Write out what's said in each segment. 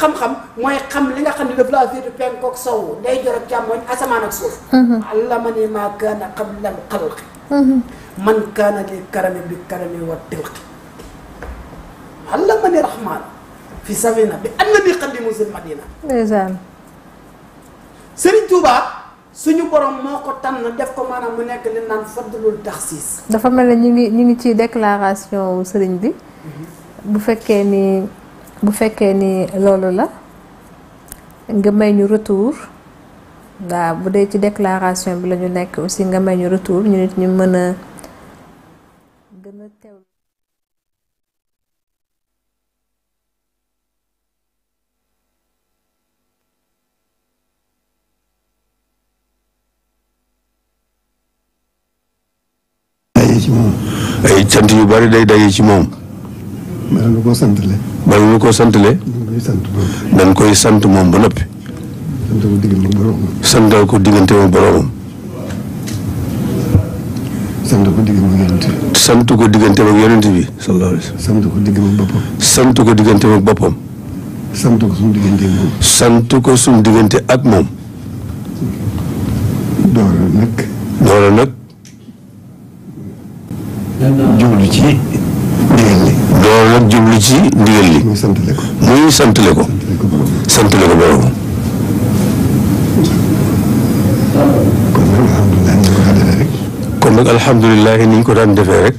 xam-xam mooy xam li nga xam ne daf laa féete penk ak sowu day jor ak asamaan ak suuf mhm. allamani maa kaana qablal xalqi mhm. man kaana li karami bi karami wa tilqi allamani rahmaan fi safina bi annani xadimu sil madina ndeysaan Sëriñ Tuubaa suñu borom moo ko tànn def ko maanaam mu nekk li naan fadlul taxsiis dafa mel ne ñu ngi ñu ngi ci déclaration sëriñ bi mhm. bu fekkee ni bu fekkee ni loolu la nga may ñu retour waaw bu dee ci déclaration bi la ñu nekk aussi nga may ñu retour ñu nit ñu mën a gën a teew ay cant yu bari day daje ci moom mën nañu koo santale. mën nañu koo santale. dañ koy sant moom ba noppi. santal ko diggante moom boroomam. sant ko diggante ak yonent ko diggante ak yonent bi sallallahu ko diggante boppam. sant ko diggante ak diggante ak moom. santale ko. muy santale ko. santale ko borom. kon nag alhamdulilah ni ñu ko daan defee rek.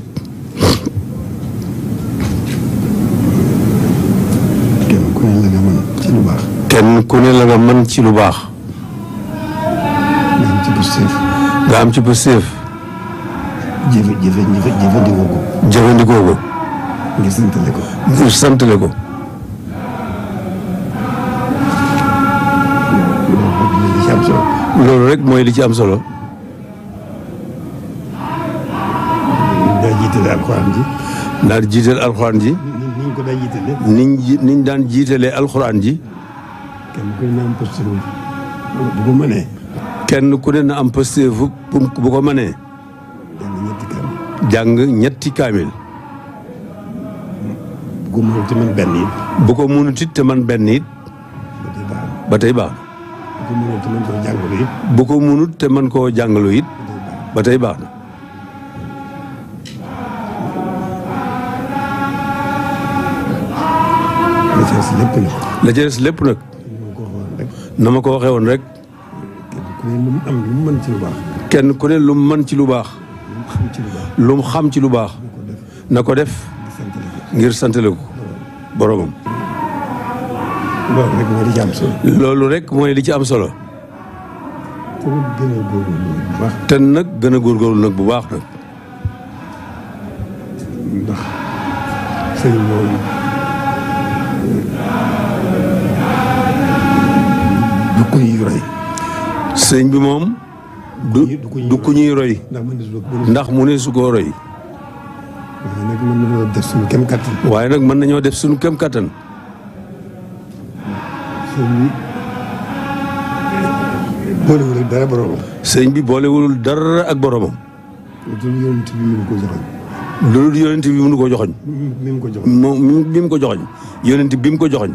kenn ku ne la nga mën ci lu baax. kenn ci lu baax. nga am ci pësteef. nga am ci pësteef. jëfe jëfe jëfandikoo ko. ko. loolu rek mooy li ci am solo. daa jiitale alxuraan ji. daal jiital alxuraan ji. niñ niñ daan jiitalee alxuraan ji. kenn ku ne na am posté bu kenn ku ne na bu ko mënee. jàng ñetti kaamil. bu ko mënut it. te man benn it. ba tey baax. bu ko mënut te man koo jàngaloo it ba tey baax na. la ca lépp nag. la na ma ko waxee woon rek. kenn ku ne lu mu mën ci lu baax. lu mu xam ci lu baax. na ko def ngir santale ko boromam. loolu rek mooy li ci am solo. loolu rek mooy li ci am solo. te nag gën a góorgóorlu nag bu baax nag. sëñ bi moom. du du ku ñuy roy. ndax mu ne su koo roy. waaye nag mën nañoo def suñu kem kattan. waaye nag mën nañoo def suñu kem sëñ bi boolewul dara boromam. sëñ bi boolewul dara ak boromam. loolu yonent bi mënu ko joxoñ. loolu ko joxoñ. bi mu ko joxoñ moom bi mu ko joxoñ yonent bi mu ko joxoñ.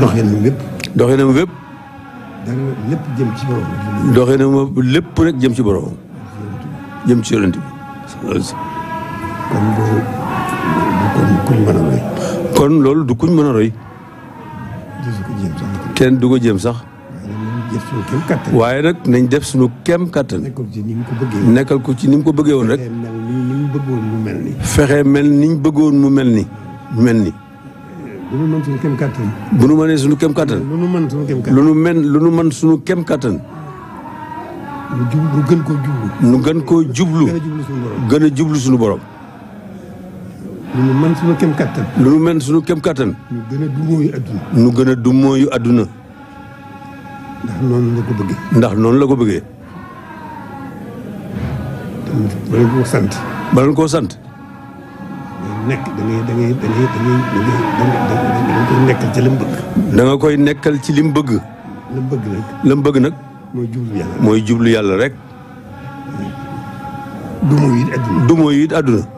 doxinam wépp. doxinam wépp. dara lépp jëm ci boromam. doxinam lépp rek jëm ci boromam. jëm ci yonent bi. kon loolu du kuñ mën roy Ken du ko jëm sax waaye nag nañ def suñu kem kàttan nekkal ko ci ni mu ko bëggee woon rek fexe mel niñ bëggoon mu mel ni mel ni bu nu mën suñu kem kàttan bu nu mënee suñu kem kàttan lu nu kem kàttan lu nu men lu nu gën koo jublu nu gën koo jublu gën jublu suñu borom lu mu mën suñu kem kattan. lu mu mën suñu kem kattan. ñu gën a dumóoyu adduna. gën a dumóoyu adduna. ndax noonu la ko bëggee. ndax noonu la ko bëggee. bala nga koo sant. bala koo sant. nekk nekkal ci li mu bëgg. da nga koy nekkal ci li bëgg. la mu bëgg nag. la mu bëgg nag. mooy jublu yàlla mooy jublu yàlla rek. dumóoyu it adduna. dumóoyu it adduna.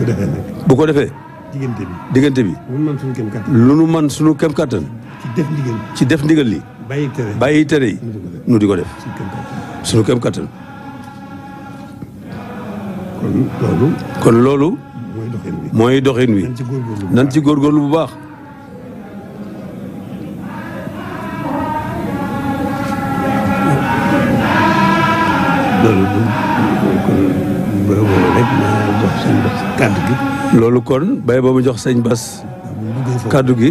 ko defee nag. bu ko defee. diggante bi diggante bi. lu nu man suñu kem kattan. lu nu man suñu kem kattan. ci def ndigal ci def ndigal li. bàyyi tere bàyyi tere nu di ko def suñu kem kattan. kon loolu. kon loolu. mooy doxin wi nan ci góorgóorlu bu baax. kàddu gi. loolu kon bay boobu jox sëñ Bas. kàddu gi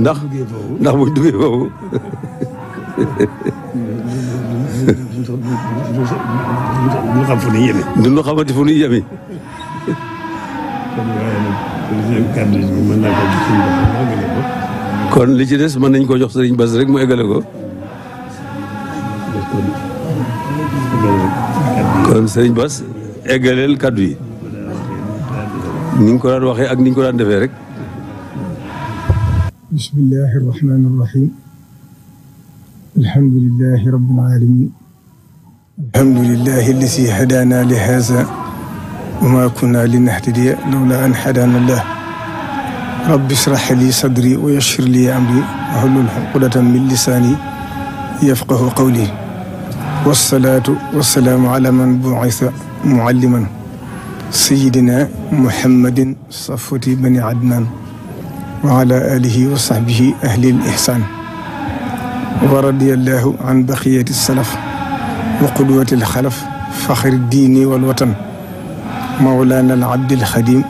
ndax ndax buñ duggee foofu. du xam fu fu ñuy yemee. kon li ci des mën nañ koo jox sëriñ Bas rek mu eggale ko. kon sëriñ Bas eggaleel kaddu yi. بسم الله الرحمن الرحيم الحمد لله رب العالمين الحمد لله الذي هدانا لهذا وما كنا لنهتدي لولا ان هدانا الله رب اشرح لي صدري ويشر لي امري واحلل عقدة من لساني يفقه قولي والصلاة والسلام على من بعث معلما سيدنا محمد صفوة بن عدنان وعلى آله وصحبه أهل الإحسان ورضي الله عن بقية السلف وقدوة الخلف فخر الدين والوطن مولانا العبد الخديم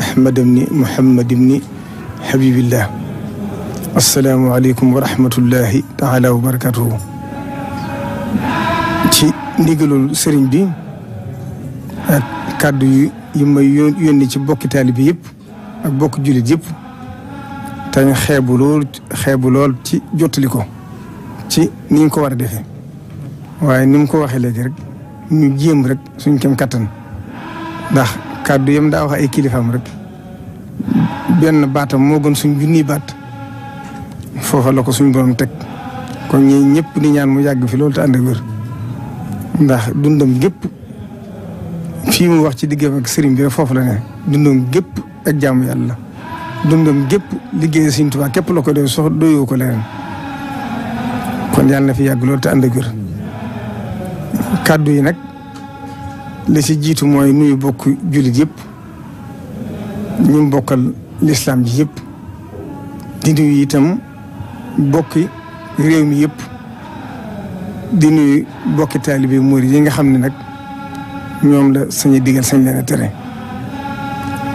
أحمد بن محمد بن حبيب الله السلام عليكم ورحمة الله تعالى وبركاته ci ndigalul sëriñ kàddu yi yu may yónni ci bokki taalibe yëpp ak bokk jullit yëpp tañ ñu xeebu lool ci jottali ko ci ni ko war a defee waaye ni mu ko waxee léegi rek ñu jéem rek suñ kem kattan ndax kàddu yam daa wax ay kilifaam rek benn baatam moo gën suñ junniy baat foofa la ko suñ borom teg kon ñi ñëpp di ñaan mu yàgg fi loolu te ànd ak wér ndax dundam gépp fii mu wax ci diggam ak sëriñ bi foofu la ne dundam gépp ak jaamu yàlla dundam gépp liggéey Sëriñ Tuubaa képp loo ko def sox doyoo ko leneen kon yàlla na fi yàgg loolu te ànd ak wér kàddu yi nag li ci jiitu mooy nuyu bokk jullit yëpp ñu bokkal lislaam ji yëpp di nuyu itam bokki réew mi yëpp di nuyu bokki taalibe murid yi nga xam ni nag ñoom la sañu digal sañ leen tere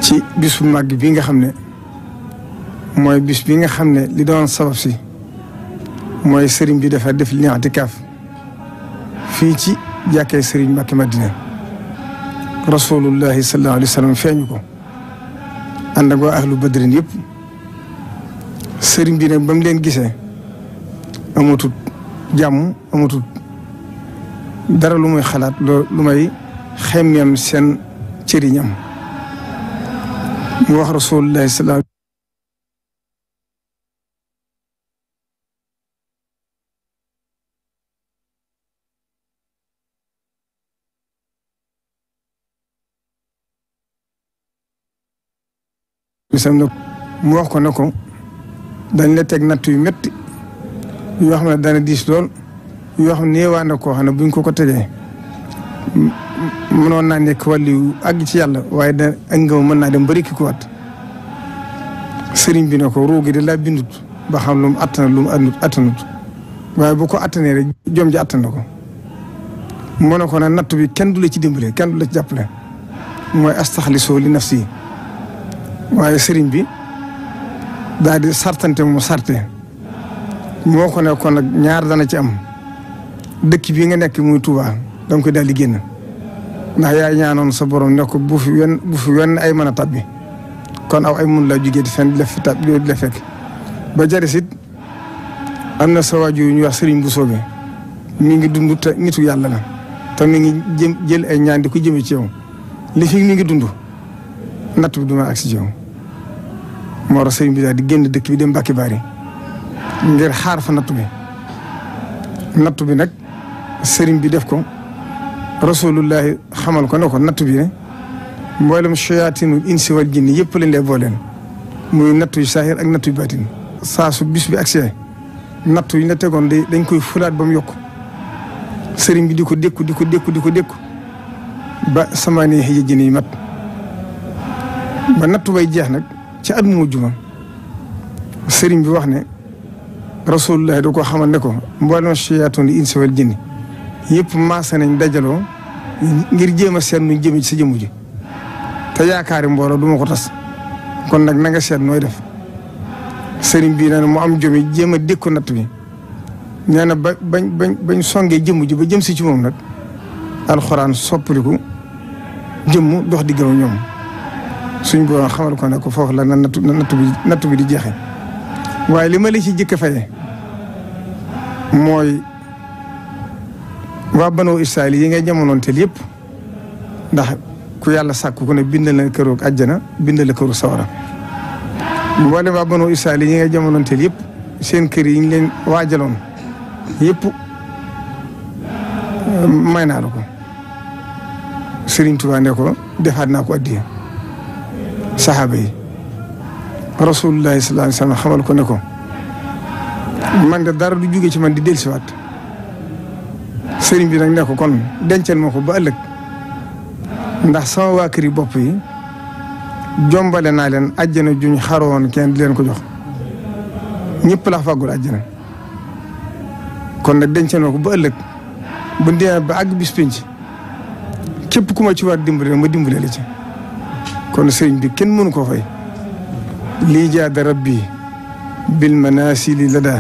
ci bis bu màgg bi nga xam ne mooy bis bi nga xam ne li doon sabab si mooy sëriñ bi dafa def li i'tikaaf fii ci jàkkee sëriñ Mbàkke Madina rasulullahi sallallahu alayhi wa sallam feeñu ko ànd ak waa ahlu badrin yëpp sëriñ bi nag ba mu leen gisee amatut jàmm amatut dara lu muy xalaat lu may xemmeem seen cëriñam mu wax rasulullahi salaam bisam mu wax ko ne ko dañ la teg natt yu métti wax xam ne dana diis lool yoo xam ne néewaa na koo xam buñ ko ko tegee mënoon naa nekk wàllu àgg ci yàlla waaye da ak nga mën naa dem bëri ki ko at sëriñ bi ne ko ruugi de laa bindut ba xam lu attana lu mu anut waaye boo ko attanee rek jom ji attan ko mu ne ko nag natt bi kenn du la ci dimbale kenn du la ci jàppale mooy astaxlisoo li nafsi waaye sëriñ bi daal di mu sarte moo ko ne ko nag ñaar dana ci am dëkk bii nga nekk muy Touba danga koy daal di génn ndax yaa ñaanoon sa borom ne ko bu fi wenn wenn ay mën a tabbi kon aw ay mun laa jugee di fen di la fekk ba jaris am na sa waajur ñu wax Serigne Bousso bi mi ngi dund te nitu yàlla la te mi ngi jël ay ñaan ko jëmee ci yow li fi mi ngi dund natt bi duma ak si yow moo tax Serigne bi daal di génn dëkk bi dem Mbàkke Bari ngir xaar fa natt bi natt bi nag sëriñ bi def ko. rasulullahi xamal ko ne nattu natt bi ne mboolem shayaatinu insi wal jinni yëpp lañ lay booleen mooy nattu yu saahir ak nattu yu baatin saa su bis bi agsee nattu yi ñu tegoon day dañ koy fulaat ba mu yokk sëriñ bi di ko dékku di ko dékku di ko dékku ba samaani xëy jinni yi mat ba nattu bay jeex nag ci at mu mujj ma sëriñ bi wax ne rasulullahi da ko xamal ne ko mboolem shayaatinu insi wal jinni yëpp maase nañ dajaloo ngir jéem a seet nuñ jëmee ci sa jëmm ji te yaakaari mbooloo duma ko tas kon nag na nga seet nooy def sëriñ bii nee na mu am jomi jéem a dékku natt bi nee na ba bañ songee jëmm ji ba jëm si ci moom nag alxuraan soppaliku jëmm dox di gëm ñoom suñ boobaa xamal ko ne ko foofu la na nattu nattu bi nattu bi di jeexee waaye li ma la ci faye mooy waa banoo Israël yi ngay jamonoonteel yëpp ndax ku yàlla sàkk ku ne bind na këru àjjana bind la këru sawara mboolem waa banoo Israël yi ngay jamonoonteel yëpp seen kër yi leen waajaloon yëpp may naa la ko Sëriñ Tuubaa ne ko defaat naa ko addiya saxaaba yi rasulullahi sallallahu alayhi wa sallam xamal ko ne ko man de dara du jóge ci man di dellusiwaat سيرين بي نك كون دنتال مكو با الك نده سما واكري بوبي جومبالنا لن اجنا جوني خارون كين دلن كو جخ نيپ لا فغول اجنا كون دنتال مكو با الك بندي با اك بيس بينج كيب كوما تي وار ديمبل ما ديمبل لي كون سيرين بي كين مونو كو فاي لي جاد ربي بالمناسي لدى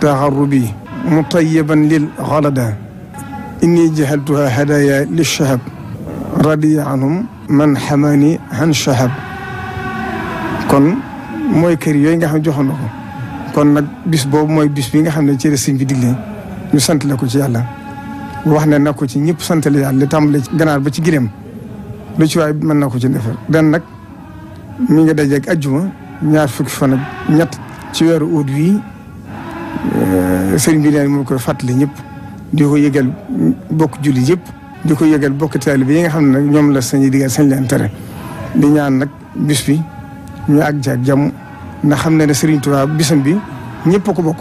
تهربي مطيبا للغلدان inni jahaltuha hadaya lilchahab radiya anhum man xamani han chahab kon mooy kër yooyu nga xam ne joxoon ko kon nag bis boobu mooy bis bi nga xam ne ci la sëñ bi digle ñu sant la ko ci yàlla wax ne nag ko ci ñëpp sant la yàlla tàmbale ci ganaar ba ci gileem lu ci waay mën na ko ci defar den nag mi ngi dajeeg ajjuma ñaar fukki fan ñett ci weeru ut wii eh, sëriñ bi neen moo koy fàttali ñëpp di ko yëgal bokk julli yëpp di ko yëgal bokk taalibe yi nga xam ne nag ñoom la sañuy digal sañ leen tere di ñaan nag bis ñu àgg ci ak xam ne ne Serigne Touba bisam bi ñëpp ko bokk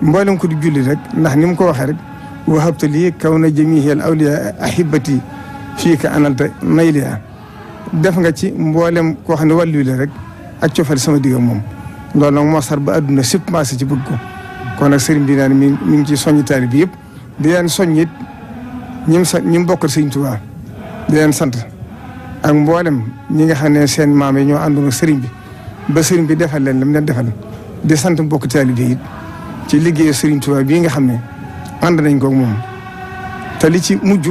mboolem ko di julli rek ndax ni mu ko waxee rek wahabta lii kaw na jamihil awliya ahibati fii ka analta mayliya nga ci mboolem koo ne wàllu la rek ak cofale sama moom loolu nag moo sar ba àdduna sëpp ci bëgg kon nag sëriñ bi naan mi mi ngi ci soññ taali bi yëpp di leen soññ it ñi mu sa ñi di leen sant ak mboolem ñi nga xam ne seen maam yi ñoo àndoon ak sëriñ bi ba sëriñ bi defal leen li mu leen defal di sant mbokk taalibe yi ci liggéey sëriñ Tuubaa nga xam ne ànd nañ ko moom te li ci mujj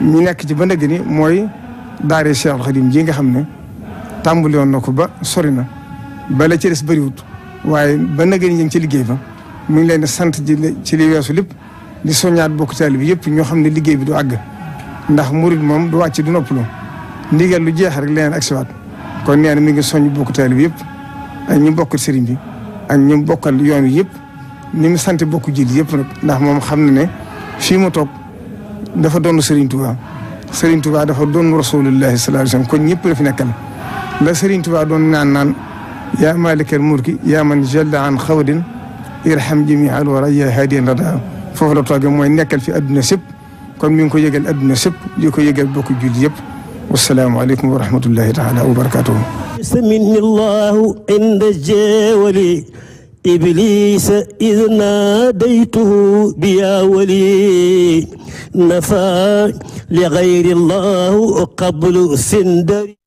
ñu nekk ci ba nag mooy daare Cheikhul Khadim ji nga xam ne tàmbali woon na ko ba sori na ba ci des bëriwut waaye ba nag ni ñu ngi ci liggéey ba mu ngi leen di sant ci li weesu lépp. di soñat bokk taalibe bi yëpp ñoo xamné ne liggéey bi du ag ndax mourid mom du wàcc du noppalu ndigal lu jeex rek leen ak siwaat kon neena mi ngi soñ bokk taalibe bi yëpp ak ñu bokk sëriñ bi ak ñu bokkal yoon wi yëpp ni mu sante bokk jil yëpp nag ndax moom xam na ne fii mu toog dafa doon Serigne Touba Serigne Touba dafa doon rasulullahi sallallahu alayhi wasallam kon ñëpp la fi nekkal la Serigne Touba doon naan naan yaa malikal mulki yaa man jalla an xawdin irham jami'al wara yaa hadiyan rada فوف لا طاغ موي نيكال في ادنا سيب كون مي نكو ييغال ادنا سيب ديكو ييغال بوك جول ييب والسلام عليكم ورحمه الله تعالى وبركاته سمين الله عند جولي ابليس اذ ناديته بيا ولي نفى لغير الله قبل سندري